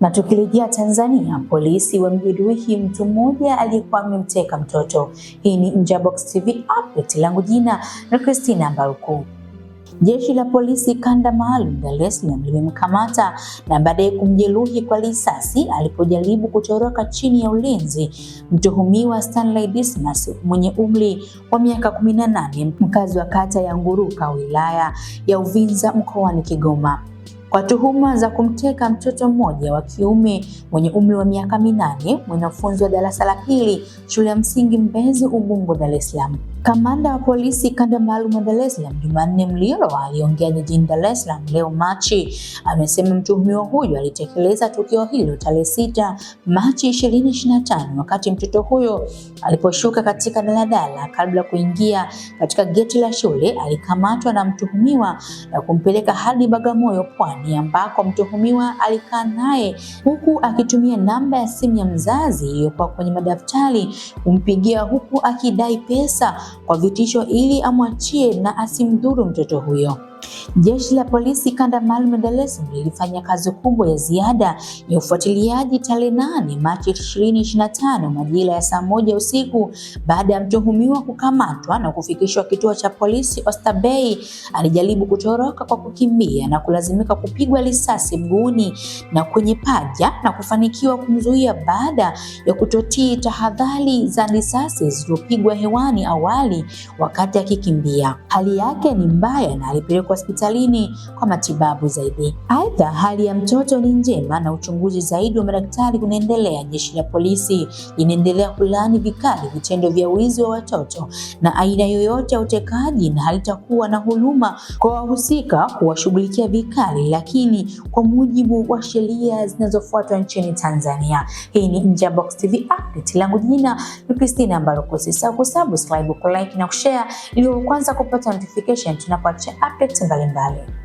Na tukirejea Tanzania, polisi wamjeruhi mtu mmoja aliyekuwa amemteka mtoto. Hii ni Nje ya Box TV update, langu jina na Christina Mbaruku. Jeshi la polisi kanda maalum Dar es Salaam limemkamata na baadaye kumjeruhi kwa risasi alipojaribu kutoroka chini ya ulinzi mtuhumiwa Stanley Dismas mwenye umri wa miaka 18 mkazi wa kata ya Nguruka wilaya ya Uvinza mkoani Kigoma kwa tuhuma za kumteka mtoto mmoja wa kiume mwenye umri wa miaka minane, mwanafunzi wa darasa la pili shule ya msingi Mbezi Ubungo, Dar es Salaam. Kamanda wa polisi kanda maalum wa Dar es Salaam Jumanne Mlilo aliongea jijini Dar es Salaam leo Machi, amesema mtuhumiwa huyo alitekeleza tukio hilo tarehe 6 Machi 2025 wakati mtoto huyo aliposhuka katika daladala. Kabla kuingia katika geti la shule, alikamatwa na mtuhumiwa na kumpeleka hadi Bagamoyo, Pwani ni ambako mtuhumiwa alikaa naye huku akitumia namba ya simu ya mzazi iliyokuwa kwenye madaftari kumpigia huku akidai pesa kwa vitisho ili amwachie na asimdhuru mtoto huyo. Jeshi la polisi kanda maalum Dar es Salaam lilifanya kazi kubwa ya ziada ya ufuatiliaji tarehe nane Machi 2025 majira ya saa moja usiku baada ya mtuhumiwa kukamatwa na kufikishwa kituo cha polisi Oysterbay. Alijaribu kutoroka kwa kukimbia na kulazimika kupigwa risasi mguuni na kwenye paja na kufanikiwa kumzuia baada ya kutotii tahadhari za risasi zilizopigwa hewani awali wakati akikimbia. Hali yake ni mbaya na alipelekwa hospitali hospitalini kwa matibabu zaidi. Aidha, hali ya mtoto ni njema na uchunguzi zaidi wa madaktari unaendelea. Jeshi la polisi linaendelea kulaani vikali vitendo vya wizi wa watoto na aina yoyote ya utekaji na halitakuwa na huruma kwa wahusika, kuwashughulikia vikali, lakini kwa mujibu wa sheria zinazofuatwa nchini Tanzania. Hii ni Nje ya Box TV update, langu jina ni Christina ambalo kusisahau kusubscribe, kulike na kushare ili kwanza kupata notification tunapoacha update mbali Palem వ్యాలీ